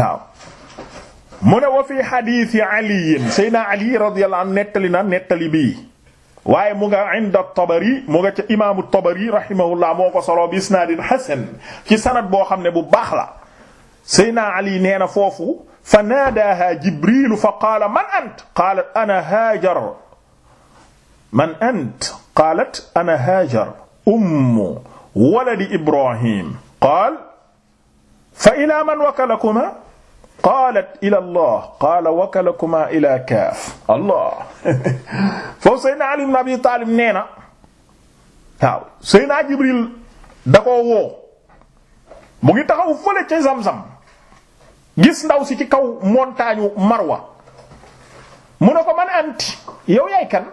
waaw mu ne wa fi xadiisi aliyin seydna ali radiyallahu anhu nettali na nettali bii waaye mu nga inda tabari mu nga ca imaamu tabari rahimahullah moo ko soloo bi isnaadin hasan ci sanad boo xam ne bu baax la seydna ali nee na foofu fa naadaaha jibrilu fa qaala man ant qaalat ana haajar man ant qaalat ana haajar ummu waladi ibrahim qaal fa ilaa man wakalakumaa qaalat ila allah qaala ila kaaf allah foofu Seydina Ali ibn Taalib nee na waaw Seydina Jibril da mu ngi taxaw fële ca Zamzam gis ndaw si ci kaw montagne Marwa mu ne ko man anti yow yaay kan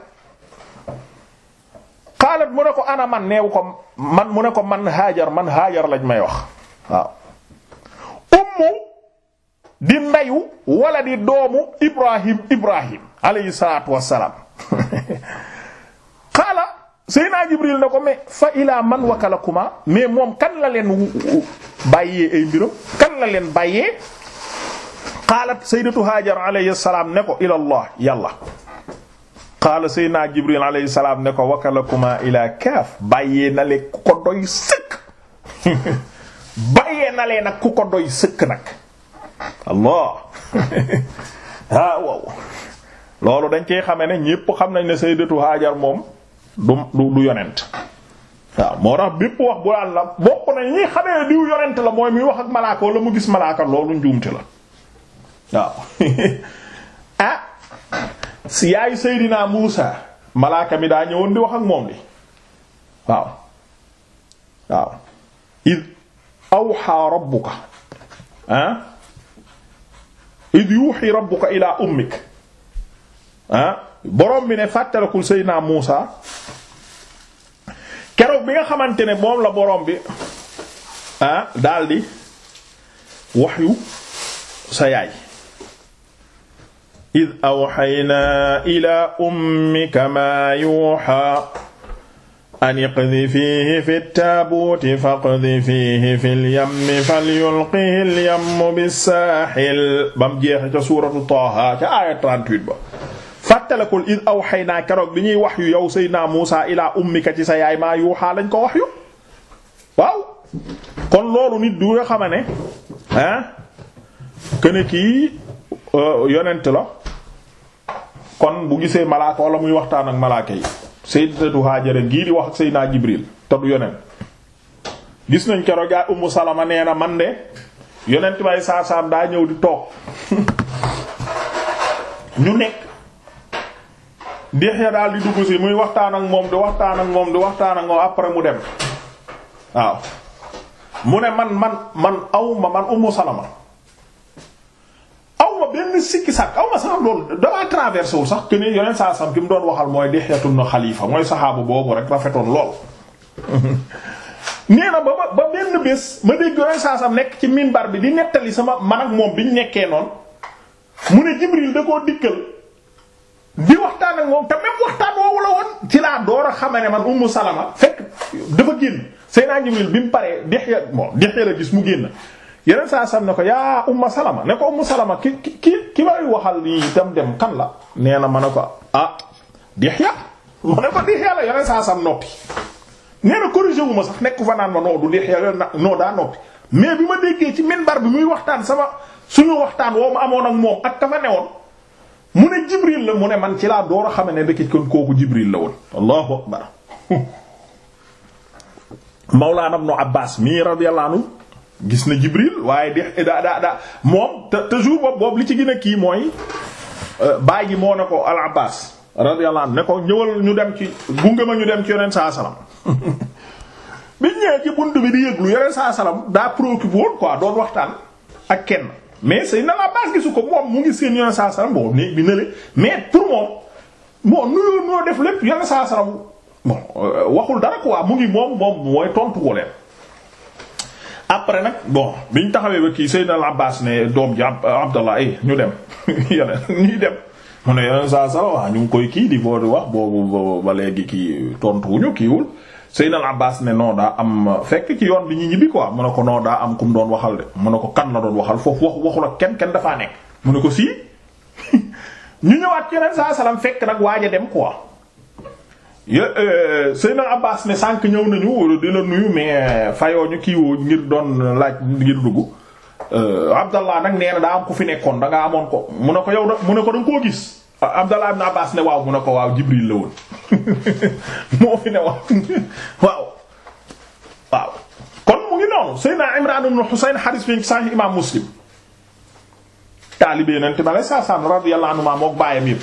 qaalat mu ne ko ana man new ko man mu ne ko man Haajar man Haajar lañ may wax di ndeyu wala di doomu Ibrahim Ibrahim alayhi salaatu wassalaam xaala Seydina Jibril na ko mais fa ilaa man wakalakuma mais moom kan la leen bàyyee ay mbiram kan la leen bàyyee xaalat sayyidatu Hajar alayhi salaam ne ko ila Allah yàlla xaala Seydina Jibril alayhi salaam ne ko wakalakuma ilaa kaaf bàyyee na leen ku ko doy sëkk bàyyee na leen nag ku ko doy sëkk nag allah ah wow loolu dañ cee xame ne ñépp xam nañ ne sayyidatu Hajar moom du du yonent waaw moo tax bépp wax bu daan la bokk na ñi xamee diw yonent la mooy muy wax ak malaaka wala mu gis malaaka loolu njuumte la waaw ah si yaayu Seydina Muusa malaaka mi daa ñëwoon di wax ak moom li waaw waaw id awxa rabbuka ah id yuuxi rabbuka ila ummik ah borom bi ne fàttalikul Seydina Muusa keroog bi nga xamante ne moom la borom bi ah daldi waxyu sa yaay id awxaynaa ila ummika maa yuuxa an iqdi fiihi fi taabuuti faqdi fiihi fi lyammi falyulqihi lyammu bissaaxil ba mu jeexe ca suuratu Taaha ca aaya ba fàttalikul id awxaynaa keroog bi ñuy wax yu yow Seydina Muusaa ilaa ummika ci sa yaay maa yuuxaa lañ ko wax yu waaw kon loolu nit du nga xama ne ah kii euh, yonent la kon bu gisee malaaka wala muy waxtaan ak sayyidatu Haajara gii di wax sey naa Jibril te du yonent gis nañ keroog yaay Ummu Salama nee na man de yonent bay saar daa ñëw di toog ñu nekk Dihya daal di dugg si muy waxtaan ak moom di waxtaan ak moom du waxtaan ak moom après mu dem waaw mu ne man man man awma man Ummu Salama benn sikki sàkk aw ma sax loolu damaa traversé wu sax que ni yeneen saa sam ki mu doon waxal mooy Dihyatu ibn Khalifa mooy saxaabu boobu rek rafetoon lool. nee na ba ma ba benn bés ma dégg saa sam nekk ci minbar bi di nettali sama man ak moom bi ñu nekkee noonu mu ne Jibril da koo dikkal di moom ci laa door a xamee ne man Ummu Salama fekk dafa génn Seydina Jibril bi mu paree Dihya bon Dihya la gis mu génn. yeneen saa sam ne ko yaa umma salama ne ko umma salama ki ki ki may waxal nii dem dem kan la nee na ma ne ko ah Dihya ma ne ko Dihya la yeneen saa sam noppi nee na corrigé sax nekk fa ma noo du Dihya noo daa noppi mais bi ma déggee ci minbar bi muy waxtaan sama suñu waxtaan woo ma amoon ak moom ak ka fa newoon mu ne Jibril la mu ne man ci laa door a xam ne kon kooku Jibril la woon allahu akbar mawlaana ibnu Abbaas mi radiyallahu anhu gis na Jibril waaye de da da da moom te te jour boobu boobu li ci gën a kii mooy euh, baay ji moo ne ko al Abbas radiyallahu anhu ne ko ñëwal ñu dem ci gunge ma ñu dem ci yoneen saa salaam biñ ñëwee ci bunt bi di yëglu yoneen saa salaam daa préoccupé woon quoi doon waxtaan ak kenn mais say na la Abbas gisu ko moom mu ngi seen yoneen saa salaam boobu néeg bi nële mais pour moom bon nuyoo noo def lépp yoneen saa salaam bon euh, waxul dara quoi mu ngi moom après nag bon ñu taxawee ba kii Seydina Al-Abbas ne doom ji Abdallah eh ñu dem yeneen ñuy dem mu ne yeneen saa saa waaw ñu ngi koy kii di boo di wax boobu ba léegi kii tontuwuñu kiiwul Seydina Al-Abbas ne non daa am fekk ci yoon li ñu ñibbi quoi mu ne ko non daa am ku mu doon waxal de mu ne ko kan la doon waxal foofu wax waxu la kenn kenn dafaa nekk mu ne ko sii ñu ñëwaat yeneen saa salaam fekk nag waaj a dem quoi. Euh, Seyna Abbas ne sànq ñëw nañu di la nuyu mais euh, fayoo ñu kii woo ngir doon laaj ngir dugg euh, Abdallah nag nee na daa am ku fi nekkoon da amoon ko mun ne ko yow da mu ne ko da nga koo gis. Abdallah ibn Abbas ne waaw mu ne ko waaw Jibril la woon moo fi ne waaw waaw kon mu ngi noonu Seyna Imran ibn Husayn hadith Muslim. taalibe Yonent bi sallallahu alayhi wa sallam radiyallahu anhu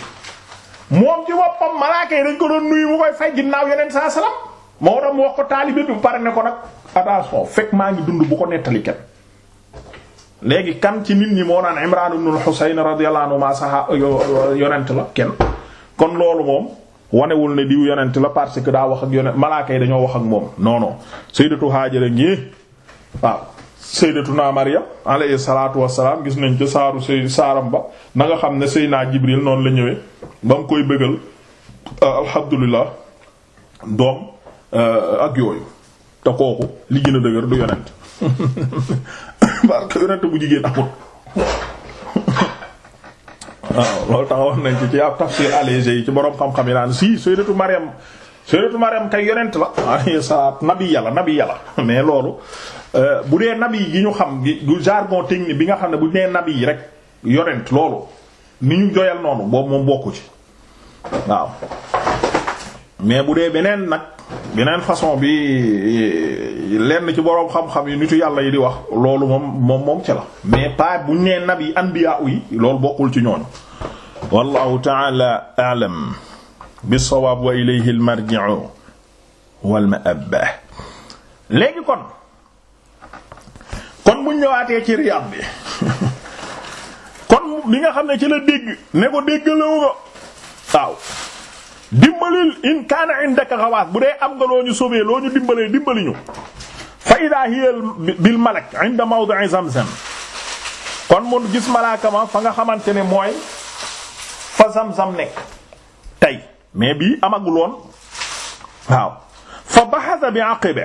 moom ci boppam malaaka yi dañ ko doon nuyu mu koy fay ginnaaw yeneen saa salaam moo tax mu wax ko taalibe bi mu pare ne ko nag attention fekk maa ngi dund bu ko nettali kenn. léegi kan ci nit ñi moo naan Imraan ibn al-Husayn radiyallahu anhu ma saha yonent la kenn kon loolu moom wanewul ne diw yonent la parce que daa wax ak yonent malaaka yi dañoo wax ak moom non non Sayyidatu Haajara waaw. sayyidatuna Maryam alayhi salaatu wassalaam gis nañ ca saaru say saaram ba na nga xam ne Seydina Jibril noonu la ñëwee ba mu koy bëggal euh, alhamdulilah doom euh, ak yooyu te kooku li gën a dëgër du yonent parce que yonent bu jigéen amul waaw loolu taxawoon nañ ci ci ab tafsir allégé yi ci borom xam-xam yi naan si sayyidatu Maryam sayyidatu Maryam kay yonent la alayhi salaatu nabi yàlla nabi yàlla mais loolu euh, bu dee nabi yi ñu xam gi du jargon technique bi nga xam ne bu nee nabi yi rek yonent loolu ni ñu joyal noonu boobu moom bokku ci waaw mais bu dee beneen nag beneen façon bi lenn ci boroom xam-xam yi nitu yàlla yi di wax loolu moom moom moom ci la mais pas bu ñu nee nabi anbiya yi loolu bokkul ci ñooñu wallahu ta'ala a'lam bi sawaab wa ilayhi al marji'u wal ma'ab léegi kon kon bu ñëwaatee ci Riyad bi kon bi nga xam ne ci la dégg ne ko déggalawu nga waaw dimbalil in kaana indaka xawaas bu dee am nga loo ñu sauvé loo ñu dimbalee dimbali ñu fa ida hiya bil malak inda mawdi'i zamzam kon mun gis malaaka ma fa nga xamante ne mooy fa zamzam nekk tey mais bii amaguloon waaw fa baxasa bi aqibe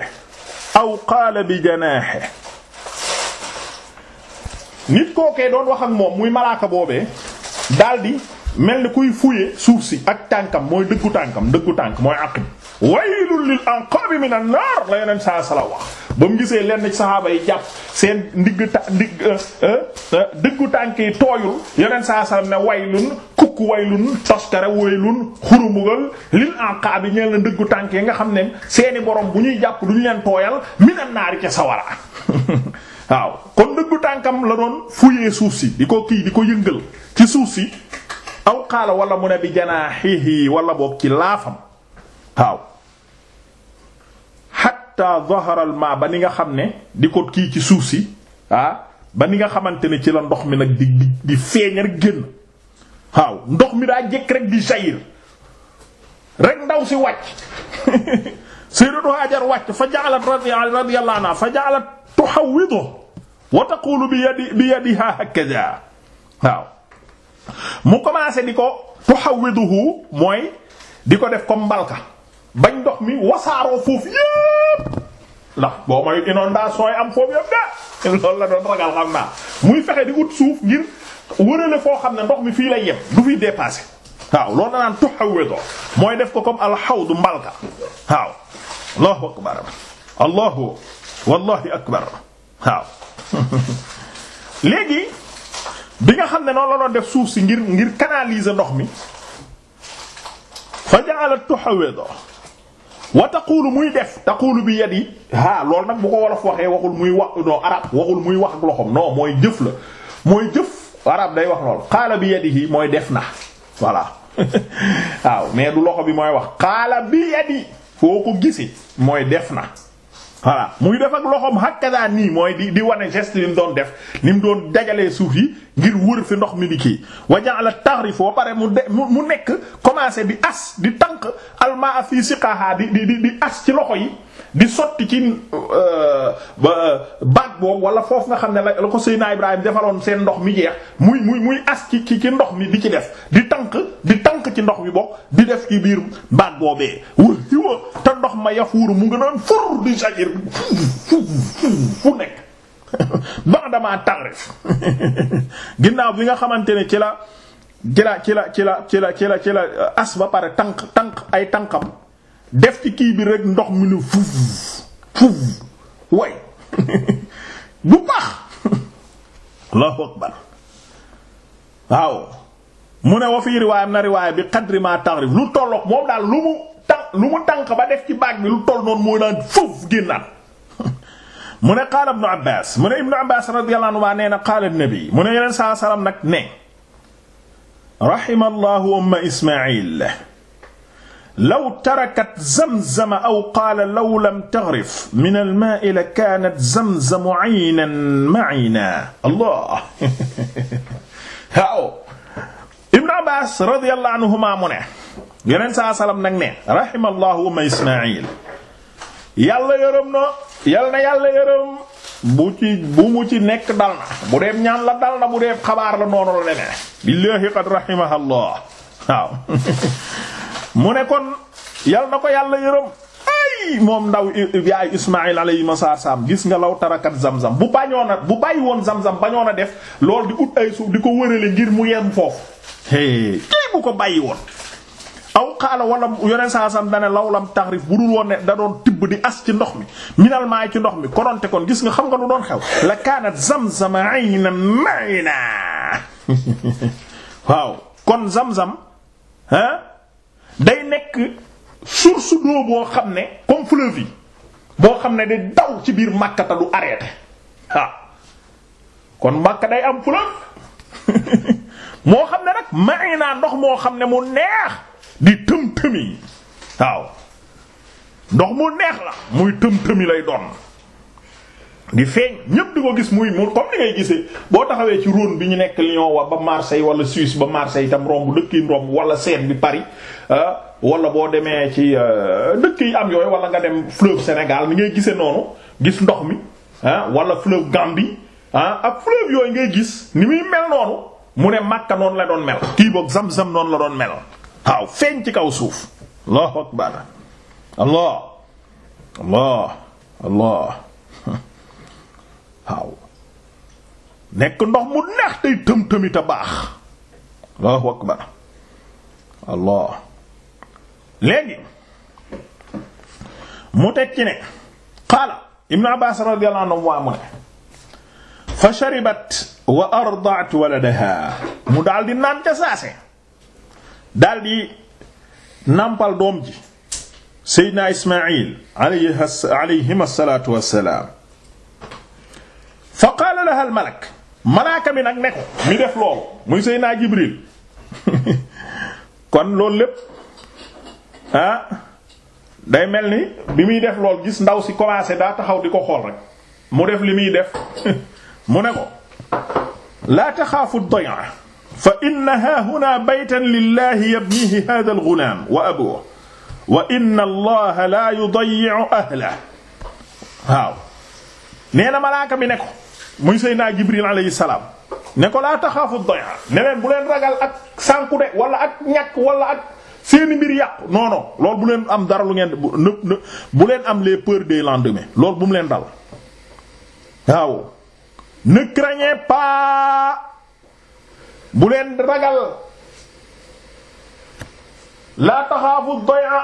aw qaala bi janaaxe nit kookee doon wax ak moom muy malaaka boobee daldi mel ni kuy fuye suuf si ak tànkam mooy dëggu tànkam dëggu tànk mooy aqib waylul lil anqabi min an naar la yeneen ba mu gisee lenn ci saxaaba yi jàpp seen ndigg ta euh, euh, euh, tànk yi tooyul yeneen saa sallam ne waylun kukk waylun toskare waylun xurumugal lil anqaab yi ñeel na dëggu tànk yi nga xam ne seeni borom bu ñuy jàpp duñu leen tooyal minan naari ca sawara waaw kon dëggu tànkam la doon fuyee suuf si di ko kii di ko yëngal ci suuf si aw xaala wala mu ne bi janaaxihi wala boog ci laafam waaw xatta zaharal ma ba ni nga xam ne di ko kii ci suuf si ah ba ni nga xamante ne ci la ndox mi nag di di di feeñ génn waaw ndox mi daa jëkk rek di sayir rek ndaw si wàcc sayyidatu Hajar wàcc fa ja'alat radiyallahu anha fa ja'alat tuhawwidu wa taqulu bi yadi bi yadiha hakaza waaw mu commencé di ko tuhawwiduhu mooy di ko def comme mbalka bañ ndox mi wasaaroo foofu yépp ndax boo may inondation yi am foofu yëpp de loolu la doon ragal xam naa muy fexe di ut suuf ngir wërale foo xam ne ndox mi fii lay yem du fi dépassé waaw loolu na naan tuhawwido mooy def ko comme alxawdu mbalka waaw allahu akbar allahu wallahi akbar waaw léegi bi nga xam ne noonu la def suuf si ngir ngir canaliser ndox mi fa ja'ala tuhawwido wa taqulu muy def taqulu bi yadi ah loolu nag bu ko wolof waxee waxul muy wax doo arab waxul muy wax ak loxom non mooy jëf la mooy jëf arab day wax lool qaala bi yadihi mooy def na voilà waaw mais du loxo bi mooy wax qaala bi yadi foo ko gisi mooy def na voilà muy def ak loxom hakkadaa nii mooy di di wane geste li mu doon def ni mu doon dajalee suuf yi ngir wër fi ndox mi di kii wa ja'ala taxrifu ba pare mu de mu nekk commencé di as di tànq almaa fii siqaha di di di as ci loxo yi di sotti ci euh, baag boo wala foof nga xam ne la ko Seydina Ibrahima defaloon seen ndox mi jeex muy muy as ci ci ci ndox mi di ci def di tànq di tànk ci ndox mi bokk di def ci biir baag boobee wa hiwa te ndox ma yafuuru mu ngi doon fur di sajir fu fu fu nekk ba'dama ta'rif ginnaaw bi nga xamante ne ci la ci la ci la ci la ci la ci la ci la euh, as ba pare tànk tànk ay tànkam def ci kii bi rek ndox mi nu fuuf fuuf way bu baax allahu akbar waaw mu ne wa fii riwaayam na riwaaya bi qadri ma ta'rif lu tolloog moom daal lu mu tànk lu mu tànk ba def ci baag bi lu toll noonu mooy naan fuuf génnaat mu ne qaala ibnu Abbaas mu ne ibnu Abbaas radiyallahu anhu maa nee na qaala nabi mu ne yeneen saa salaam nag ne rahimallahu umma Ismaa'il law tarakat zamzama aw qaala law lam taghrif min al-maa'i lakaanat zamzamu 'aynan ma'iina Allah waaw ibnu Abbaas radiyallahu anhumaa mu ne yeneen saa salaam nag ne rahimallahu umma Ismaa'il yàlla yërëm na yàlla na yàlla yërëm bu ci bu mu ci nekk dal na bu dee ñaan la dal na bu dee xabaar la noonu la demee billaahi qad rahimahallah waaw mu ne kon yal na ko yàlla yërëm ay moom ndaw yaay Ismaïl alayhi salaam gis nga law tarakat zam-zam bu bañoon a bu bàyyi woon zam-zam bañoon a def loolu di ut ay suuf di ko wërale ngir mu yem foofu hey bu ko bàyyi woon aw xaala wala yoneen saa sam lawlam taxrif bu dul woon ne da doon tibb di as ci ndox mi minal maay ci ndox mi koronte kon gis nga xam nga lu doon xew la kaanat zam-zam ayna mayna waaw kon zam-zam day nekk source boo xam ne comme fleuve yi boo xam ne di daw ci biir Makka ta du arrêté waaw kon Makka day am fleuve moo xam ne nag may ndox moo xam ne mu neex di tëm-tëmi waaw ndox mu neex la muy tëm-tëmi lay doon di feeñ ñépp di ko gis muy mu comme ni ngay gisee boo taxawee ci Rhône bi ñu nekk Lyon wa ba Marseille wala Suisse ba Marseille itam romb dëkk yi romb wala seet bi Paris ah, wala boo demee ci euh, dëkk yi am yooyu wala nga dem fleuve Sénégal ni ngay gisee noonu gis ndox mi ah wala fleuve Gambie ah ak fleuve yooyu ngay gis ni muy mel noonu mu ne Makka noonu la doon mel. kii boog sam noonu la doon mel. waaw feeñ ci kaw suuf allahu akbar allah allah allah waaw nekk ndox mu neex tey tëm-tëmi te baax allahu akbar allah léegi mu teg ci ne qaala ibn abbas radiyallahu anhu waa mu ne fa sharibat wa arda'at waladaha mu daal di naan ca saase daldi nàmpal doom ji seydina ismail alayhim asalatu wassalaam fa qaala laha al malak malaaka bi nag ne ko mi def loolu muy seydina jibril kon loolu lépp ah day mel ni bi muy def lool gis ndaw si commencé daa taxaw di ko xool rek mu def li muy def mu ne ko laa taxaafu doya fa inna haahuna baytan lillahi yabnihi hada algulaam wa abuhu wa inna allaha la yudayyi'u ahlahu waaw nee na malaaka mi ne ko muy Seydina Jibril alayhi salaam ne ko laa taxaafu day'a ne leen bu leen ragal ak sànku de wala ak ñàkk wala ak seeni mbir yàqu non non loolu bu leen am dara lu ngeen bu leen am les peurs des lendemains loolu bu mu leen dal waaw ne craignez pas bu leen ragal laa taxaafu doya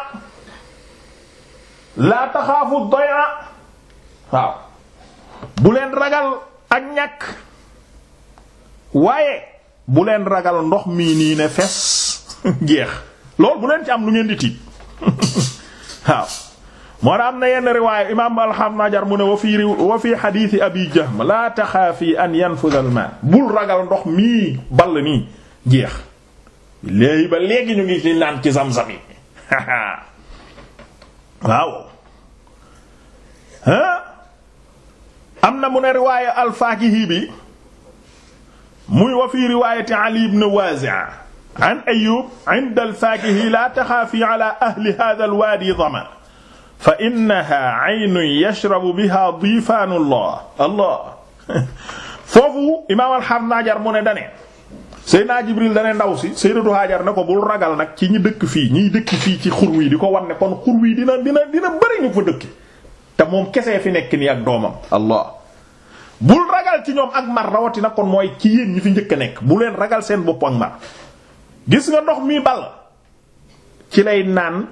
laa taxaafu doya waaw bu leen ragal ak ñàkk waaye bu leen ragal ndox mii nii ne fes jeex loolu bu leen ci am lu ngeen di tiit waaw moo na am na yenn riwaaya imaam alxam najar mu ne wa fii wa fii xadiisi abi jahm laa taxaafi an yanfuda al ma bul ragal ndox mii ball nii jeex léegi ba léegi ñu ngi ci naan ci zamzam yi waaw ah am na mu ne riwaaya alfaakihi bi muy wa fii riwaayati ali ibn waazi' an ayyub inda alfaakihi laa taxaafi ala ahli haadha alwaadi dama fa innaha aynun yashrabu biha diifaanullah allah foofu imaam alxam naajar mu ne dane Seydina Jibril dane ndaw si Sayyidatu Hajar ne ko bul ragal nag ci ñi dëkk fii ñiy dëkk fii ci xur di ko wan ne kon xur wi dina dina dina bëri ñu fa dëkk te moom kese fi nekk nii ak doomam allah bul ragal ci ñoom ak mar rawatina kon mooy ci yéen ñi fi njëkk a nekk bu leen ragal seen bopp ak mar gis nga ndox mi bal ci lay naan.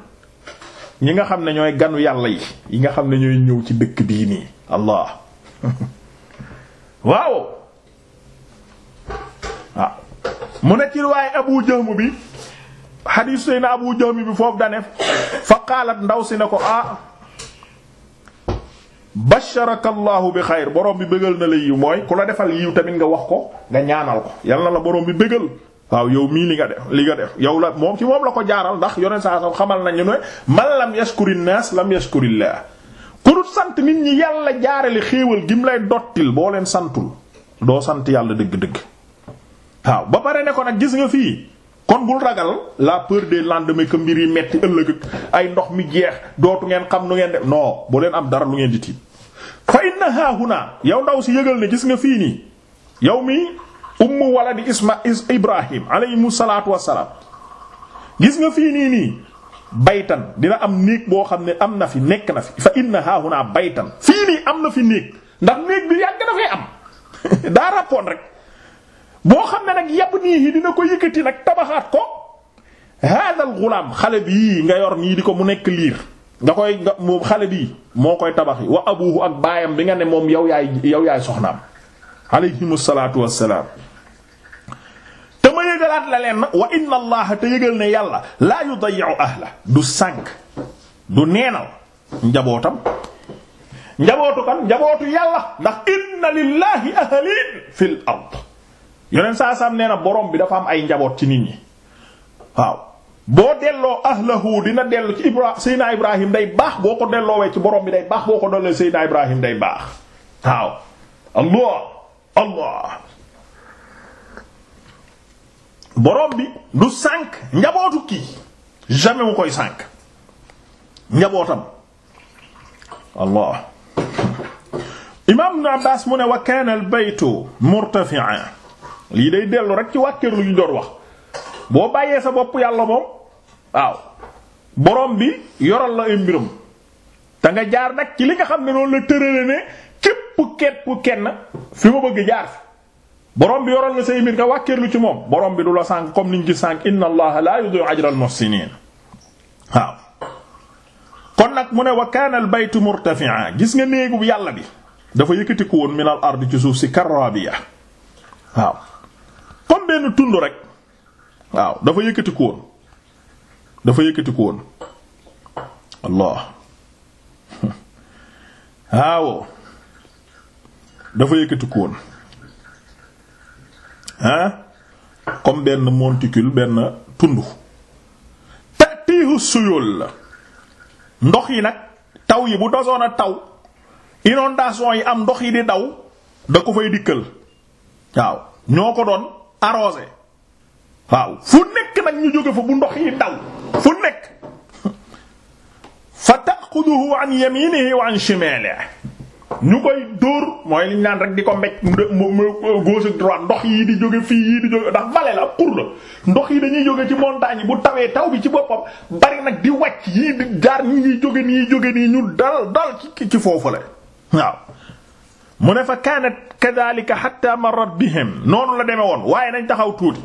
ñi nga xam ne ñooy ganu yàlla yi yi nga xam ne ñooy ñëw ci dëkk bii nii allah waaw ah. mu ne ci waaye abu jahm bi xadiis seyna abu jahm bi foofu dane fa qaalat ndaw si ne ko ah basharaka allahu bi xayr borom bi bëggal na la yiw mooy ku la defal yiw tamit nga wax ko nga ñaanal ko yal na la borom bi bëggal waaw yow mii li nga def li nga def yow la moom ci moom la ko jaaral ndax yoneen saa sa xamal nañu ne man lam yaskuri naas lam yaskurillah ku dul sant nit ñi yàlla jaarale xéewal gi mu lay dottil boo leen santul doo sant yàlla dëgg-dëgg waaw ba pare ne ko nag gis nga fii kon bul ragal laa peur de lendemains que mbir yi metti ëllëg ak ay ndox mi jeex dootu ngeen xam nu ngeen def non bu leen am dara lu ngeen di tiit fa inna haahuna yow ndaw si yëgal gis nga fii yow mii ummu waladi isma ibrahim alayhi salaatu wassalaam gis nga fii nii nii baytan dina am néeg boo xam ne am na fi nekk na fi fa inna haahuna baytan fii nii am na fi néeg ndax néeg bi yàgg na am daa rappoon rek boo xam ne nag yab nii dina ko yëkkati nag tabaxaat ko haadal gulaam xale bii nga yor nii di ko mu nekk liir nga koy nga moom xale bii moo koy tabax tabaxi wa abuhu ak baayam bi nga ne moom yow yaay yow yaay soxnaam alayhimu salaatu wassalaam yëgalaat la leen wa inna allaha te yëgal ne yàlla laa yudayi'u ahla du sànk du neenal njabootam njabootu kan njabootu yàlla ndax inna lillahi ahlin fil ard yoneen saa saam borom bi dafa am ay njaboot ci nit ñi waaw boo delloo ahlahu dina dellu ci ibra seydina ibrahim day baax boo ko delloowee ci borom bi day baax boo ko delloo seydina ibrahim day baax waaw allah allah borom bi du sànk njabootu kii jamais mu koy sànk njabootam allah imaam ibn Abbaas mu ne wa kaana al lii day dellu rek ci wàkkeer lu ñu door wax boo bàyyee sa bopp yàlla moom waaw borom bi yoral la ay mbiram te nga jaar nag ci li nga xam ne noonu la tërale ne képp képp kenn fi ma bëgg jaar borom bi yoral la say mbir nga wàkkeerlu ci moom borom bi du la sànq comme niñ gis sànq inna allaha la yudi'u ajra al muhsinin mu ne wa kaana al gis nga néegu yàlla bi dafa yëkkati ko woon min al ci suuf si karrabiya waaw comme benn tund rek waaw dafa yëkkati ko woon dafa yëkkati ko allah waaw dafa yëkkati ko ah comme benn monticule benn tund tatiihu suyul la ndox yi nag taw yi bu dosoon a taw inondation yi am ndox yi di daw da ko fay dikkal waaw ñoo ko doon arrosé waaw fu nekk nag ñu jóge fa bu ndox yi daw fu nekk fa taquduhu an yaminihi wa an shimalihi ñu koy dóor mooy liñ naan rek di ko mbéj mu euh, gauche ak droite ndox yi di jóge fii yii di jóge ndax vallée la xur la ndox yi dañuy jóge ci montagne yi bu tawee taw bi ci boppam bari nag di wàcc yii di jaar ñi ñuy jóge nii jóge nii ñu dal dal ci ci foofu la waaw mu ne fa kaanat kadhalika hatta marrat bihim noonu la demee woon waaye nañ taxaw tuuti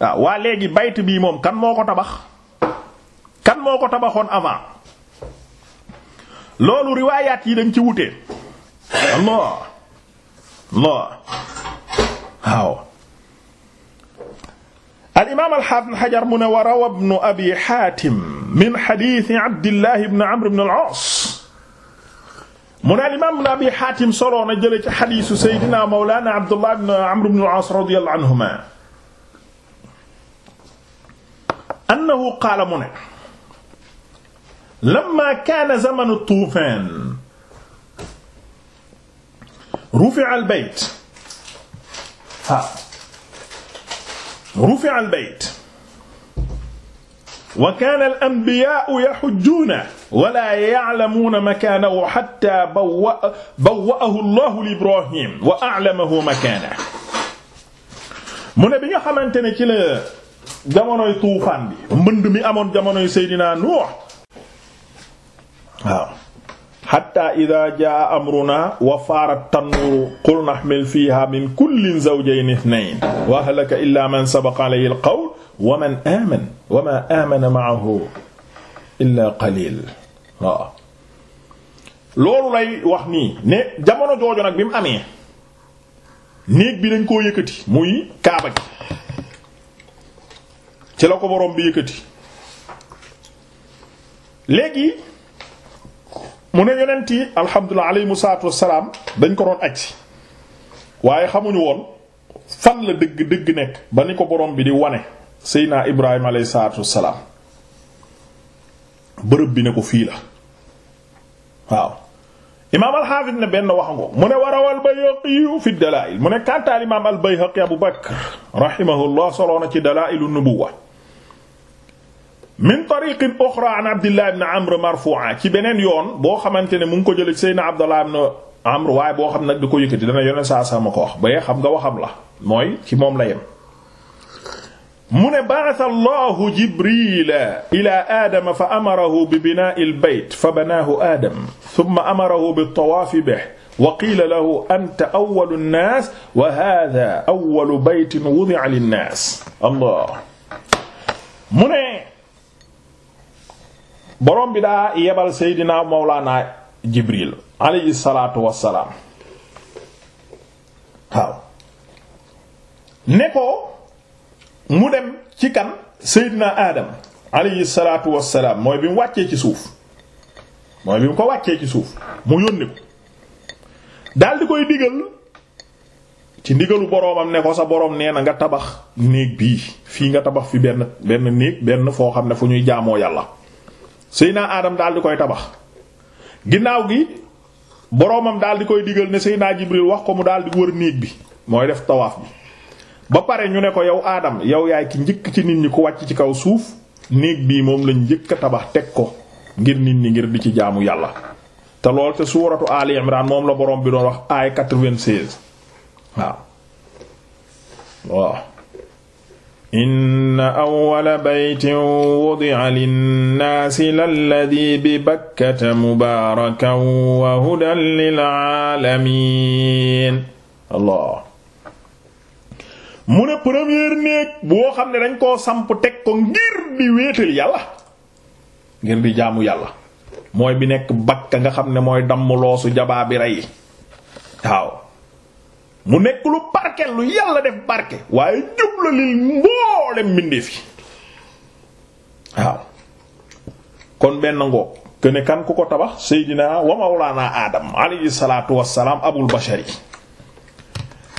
waaw waa léegi bayt bii moom kan moo ko tabax kan moo ko tabaxoon avant loolu riwaayaat yi dañ ci wutee Allah Allah waaw alimaam alxaafid xajar mu ne wa rawa ibnu abi xaatim min xadiisi abdillahi ibn amr ibn al-aas mu ne alimaam ibnu abi xaatim soloo na jële ci xadiisu sayyidina mawlaana abdullah ibn amr ibn al-aas radiyallahu anhuma annahu qaala mu ne lamma kaana zamanu tuufaan rufi'a al-bayt ha rufi'a al-bayt wa kaana al-anbiyaa'u yahujjuuna wa laa ya'lamuuna makaanahu hattaa bawwa'ahu Allahu li Ibraahiim wa a'lamahu makaanahu mu ne bi nga xamante ne ci la jamonoy tuufaan bi mbënd mi amoon jamonoy Seydina Nuux waaw xatta ida jaa amruna wa faarat tannuuru qul naxmil fiha min kullin zawjayn ithnayn wa ahlaka illa man sabaqa alayhi alqawl wa man amana wa ma amana maahu loolu lay wax nii ne jamono jooju bi mu amee néeg bi dañ koo yëkkati muy kaaba gi ci la ko borom bi yëkkati léegi mu ne yonent yi alhamdulilah aleyhim salaatu wassalaam dañ ko doon aj waaye xamuñu woon fan la dëgg dëgg nekk ba ni ko borom bi di wane seydinaa ibrahim aleyhi salaatu wassalaam bërëb bi ne ko fii la waaw imaam alxaafis ne benn waxango mu ne waraw albayhaqiyu fi dalaa'il mu ne kantaal imaam albayhaqi abu bakr rahimahullah soloona ci dalaa'ilu nubuwwa min tariqin uxra an abdillah ibn amr marfu'a ci beneen yoon boo xamante ne mu ngi ko jëlee ci seydna abdallah ibn amr waaye boo xam nag di ko yëkkati dana yoneen saa saa ma ko wax ba xam nga waxam la mooy ci moom la yem mu ne ba'atha allahu jibrila ila aadama fa amarahu bi binaa'i al-bayt fa banaahu aadam thumma amarahu bit-tawaafi bihi wa qiila lahu anta awwalu an-naas wa haadha awwalu baytin wudi'a lin-naas allah mu ne boroom bi daa yebal seydinaa mawlaana jibril alayhi salaatu wassalaam waaw ne ko mu dem ci kan seydinaa adam alayhi salaatu wassalaam mooy bi mu wàccee ci suuf mooy bi mu ko wàccee ci suuf mu yónni ko daldi koy digal ci ndigalu boroomam ne ko sa boroom nee na nga tabax néeg bii fii nga tabax fi benn benn néeg benn foo xam ne fu ñuy jaamoo yàlla Seydina Adam daal di koy tabax ginnaaw gi boroomam daal di koy digal ne Seydina Jibril wax ko mu daal di wër néeg bi mooy def tawaaf bi. ba pare ñu ne ko yow Adam yow yaay ki njëkk ci nit ñi ku wàcc ci kaw suuf néeg bii moom lañ njëkk a tabax teg ko ngir nit ñi ngir di ci jaamu yàlla. te lool te suuratu Ali Imran moom la boroom bi doon wax aay 96 waaw waaw. inna awwala baytin wudi'a linnaasi lalladii bi bakkata mubaarakan wa hudan lil aalamiin Allah ne premier néeg boo xam ne dañ ko samp teg ko ngir di wéetal yàlla ngir di jaamu yàlla mooy bi nekk bakka nga xam ne mooy damm loosu jabaa bi rey waaw mu nekk lu barke lu yàlla def barke waaye jubla lil mboolem mbindeef yi waaw kon benn ngoog ne kan ku ko tabax seydinaa wa mawlaana aadam alayhi salaatu wassalaam abul bashari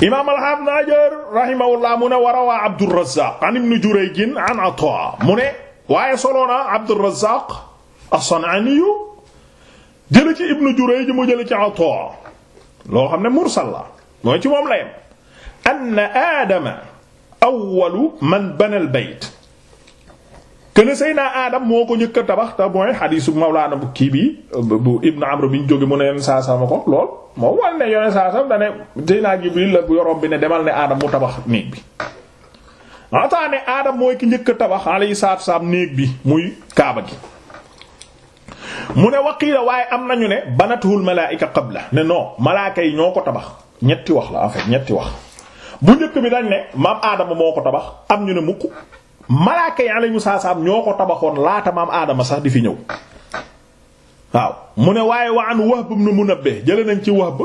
imaam al-hafiz Hajar rahimahullah mu ne wa rawaa Abdurrazzaq an ibn Jurayj an Ataa mu ne waaye soloona Abdurrazzaq as-San'aani jële ci ibn Jurayj mu jële ci Ataa loo xam ne mursal la mooy ci moom la yem anna aadama awwalu man bana al bayt sëy Seyna Adam moo ko njëkk tabax te mooy xadiisu Mawlaana bu kii bi bu Ibn Amr bi ñu jóge mu ne yeneen saa ko lool moom war ne yeneen saa sama da ne Seyna la bu yorom bi ne demal ne Adam mu tabax néeg bi. ataa ne mooy ki njëkk a tabax alayhi salaatu salaam néeg bi muy Kaaba gi. mu ne waqiila waaye am nañu ne banatuhul malaa'ika qabla ne non malaaka yi ñoo ko tabax. ñetti wax la en fait ñetti wax bu njëkk bi dañ ne maam aadama moo ko tabax am ñu ne mukk malaaka yi alayhi salaam ñoo ko tabaxoon laata maam aadama sax di fi ñëw waaw mu ne waaye wa an Wahb ibn Munabbih jële nañ ci Wahb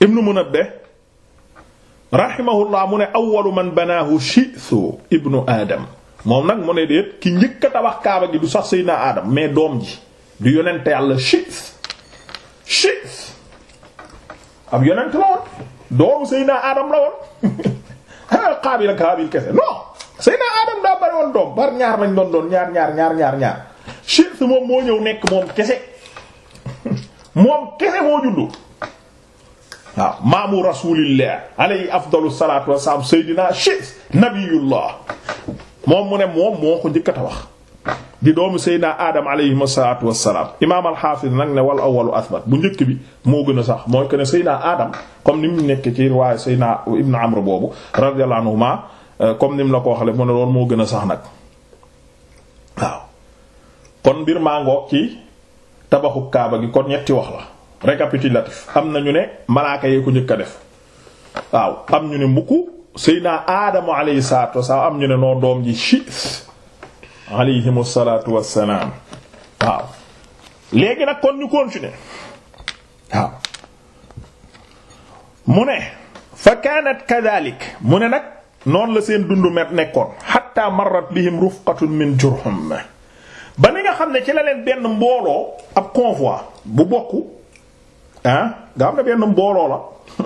ibn Munabbih rahimahullah mu ne awwalu man banaahu Shi'thu ibnu Adam moom nag mu ne déet ki njëkk a tabax kaaba gi du sax Seydina Adam mais doom ji du yonente yàlla Shi'th Shi'th ab yonent la woon doomu Seydina Adam la woon Qaabil ak Haabil kese non Seydina Adam daa bari woon doom bar ñaar lañ doon doon ñaar ñaar ñaar ñaar ñaar Shith moom moo ñëw nekk moom kese moom kese moo juddu waaw maamu rasulillah alayhi afdalu salatu wassalam Seydina Shith nabiyullah moom mu ne moom moo ko njëkkat wax di doomu Seydina Adam alayhi salaatu wassalaam imaam al nag ne wal awwalu asbat bu njëkk bi moo gën a sax mooy que ne Seydina Adam comme ni mu nekk ci riwaaya Seydina Ibn Amr boobu radiyallahu anhuma euh, comme ni mu la ko waxee mu ne loolu moo gën a sax nag waaw. kon mbir màngook ci tabaxu Kaaba gi kon ñetti wax la récapitulatif am na ñu ne malaaka yee ko njëkk a def waaw am ñu ne mbukk Seydina Adam alayhi salaatu wassalaam am ñu ne noo doom ji alayhim salaatu wassalaam waaw léegi nag kon ñu continuer waaw mu ne fa kaanat kadhalik mu ne nag noonu la seen dundu met nekkoon hatta bi bihim rufqatun min jurhum ba ni nga xam ne ci la leen benn mbooloo ab convoi bu bokk ah nga xam ne benn mbooloo la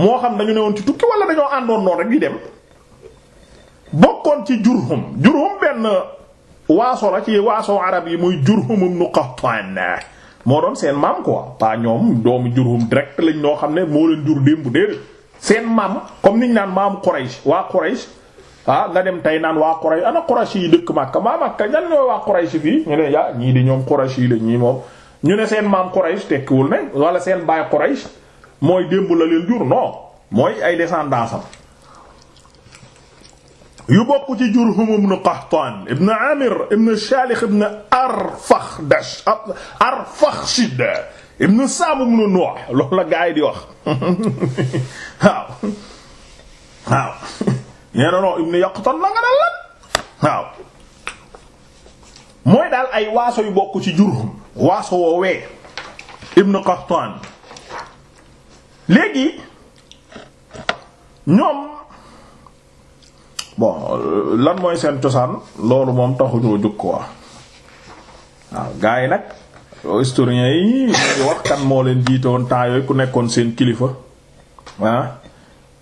moo xam dañu ne woon ci tukki wala dañoo àndoon noonu rek di dem bokkoon ci Jurhum Jurhum benn waaso la ci waaso arab yi muy Jurhum ibn Qahtan moo doon seen maam quoi pas ñoom doomu Jurhum direct lañ noo xam ne moo leen jur démb déedéet seen maam comme niñ naan maamu Quraysh waa Quraysh ah nga dem tey naan waa Quraysh ana Quraysh yi dëkk Makka maa Makka ñan ñooy waa Quraysh fii ñu ne yaa ñii di ñoom Quraysh yi la ñii ñu ne seen maam Quraysh tekkiwul ne walla seen baay Quraysh mooy démb la leen jur non mooy ay descendance yu bokk ci Jurhum ibn Qahtaan ibn Amir ibn Shaalix ibn Arfaxdash Arfaxshid ibn Saam ibn Nuux loolu la gaa di wax waaw waaw ñee nonoo ibn Yaqtaan la nga lan waaw mooy daal ay waaso yu bokk ci Jurhum waaso woowee ibn Qahtaan léegi ñoom bon lan mooy seen cosaan loolu moom taxuñoo jóg quoi waaw gaa yi nag historiens yi ñuy wax kan moo leen jiite woon yooyu ku nekkoon seen kilifa ah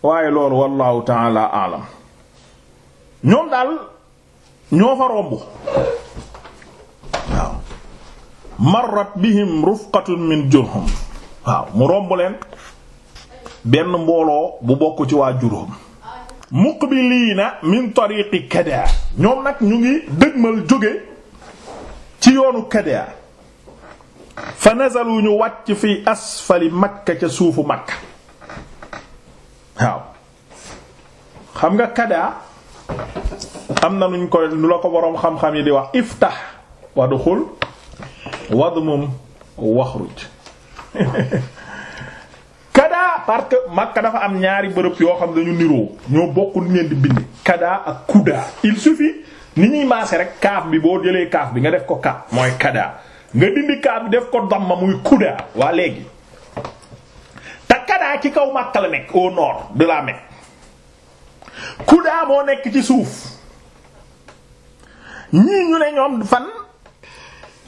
waaye loolu wallahu taala alam ñoom daal ñoo fa romb waaw marrat bihim rufqatun min jurhum waaw mu romb leen benn mbooloo bu bokk ci waa jurhum muqbiliina min tariqi kada ñoom nag ñu ngi dëgmal jóge ci yoonu kada fa nazalu ñu wàcc fi asfali makka ca suufu makka waaw xam nga kada am na nuñ koy nu la ko boroom xam-xam yi di wax iftah wadxul wadmum waxruj parce que dafa am ñaari bërëb yoo xam dañu niroo ñoo bokk ni ngeen di bind kada ak kuda il suffit ni ñuy maase rek kaaf bi boo jëlee kaaf bi nga def ko ka mooy kada nga dindi kaaf bi def ko ma muy kuda waa léegi te kada ci kaw Makka la nekk au nord de la Mecque kuda moo nekk ci suuf ñii ñu ne ñoom fan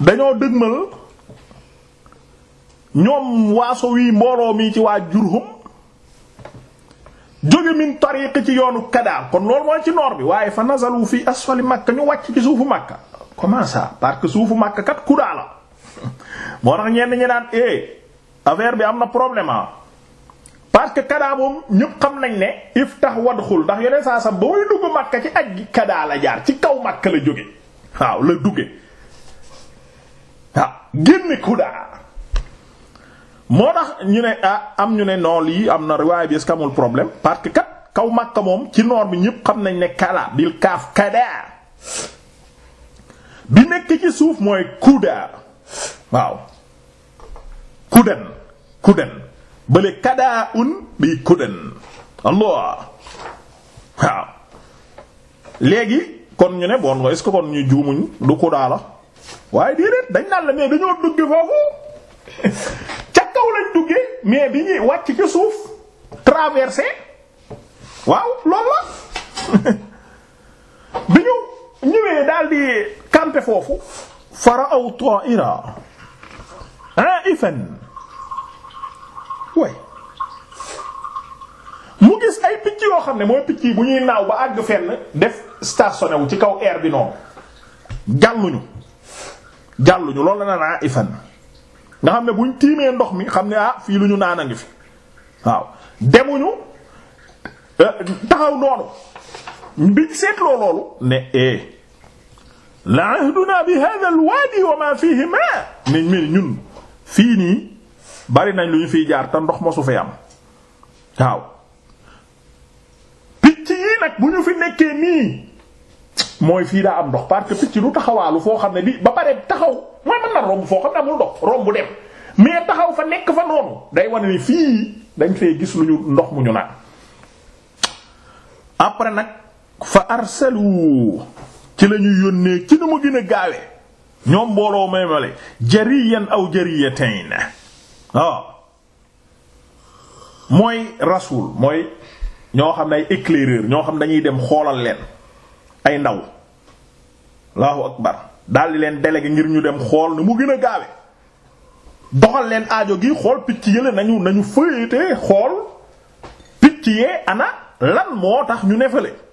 dañoo dëgmal ñoom waaso wii mbooloo mii ci waa Jurhum jóge min tariqi ci yoonu Kadaar kon loolu mooy ci noor bi waaye fa nazalu fi asfali Makka ñu wàcc ci suufu Makka comment ça parce que suufu Makka kat kudaa la moo tax ñenn ñi eh, bi am na problème ah. parce que Kadaar moom ñëpp xam nañ ne iftax wadxul ndax yeneen saa sa ba muy dugg Makka ci aj gi jaar ci kaw Makka la jóge waaw la dugge waaw ah, génn kudaa moo tax ñu ne ah am ñu ne nool lii am na riwaay bi est amul problème parce que kat kaw Makka moom ci noor bi ñëpp xam nañ ne kala bil kaaf kada bi nekk ci suuf mooy kuda waaw kuden kuden bële kada un bi kuden allah waaw léegi kon ñu ne bon est-ce kon ñu juumuñ du kudaa la waaye déedéet dañ naan la ne dañoo dugg foofu kaw lañ duggee mais bi ñuy wàcc ci suuf traversé waaw loolu la bi ñu ñëwee daal di camper foofu faraaw ta'ira aifan way mu gis ay picc yoo xam ne mooy picc yi bu ñuy naaw ba àgg fenn def stationné ci kaw air bi noonu jàlluñu jàlluñu loolu la naan aifan nga xam ne ñu tiimee ndox mi xam ne ah fii lu ñu naan a ngi fi waaw demuñu euh, taxaw noonu biñ seetloo loolu ne eh la ahduna bi hadha al wadi wa ma fihi ma ne ñun fii nii bari nañ lu ñu fiy jaar te ndox mosu fi am waaw picc yi nag bu ñu fi nekkee nii mooy fii daa am ndox parce que picc du taxawaalu foo xam ne di ba pare taxaw mooy mën na romb foo xam ne amul ndox romb dem mais taxaw fa nekk fa noonu day wane ni fii dañ fee gis lu ñu ndox mu ñu naan après nag fa arsalu ci la ñuy yónnee ci nu mu gën a gaawe ñoom mbooloo may male jariyan aw jariyatayn waaw mooy rasul mooy ñoo xam ne ay éclaireur ñoo xam dañuy dem xoolal leen ay ndaw allahu akbar daldi leen délégué ngir ñu dem xool nu mu gën a gaawe doxal leen aajo gi xool picc yële nañu nañu fëyete xool picc yee ana lan moo tax ñu nefale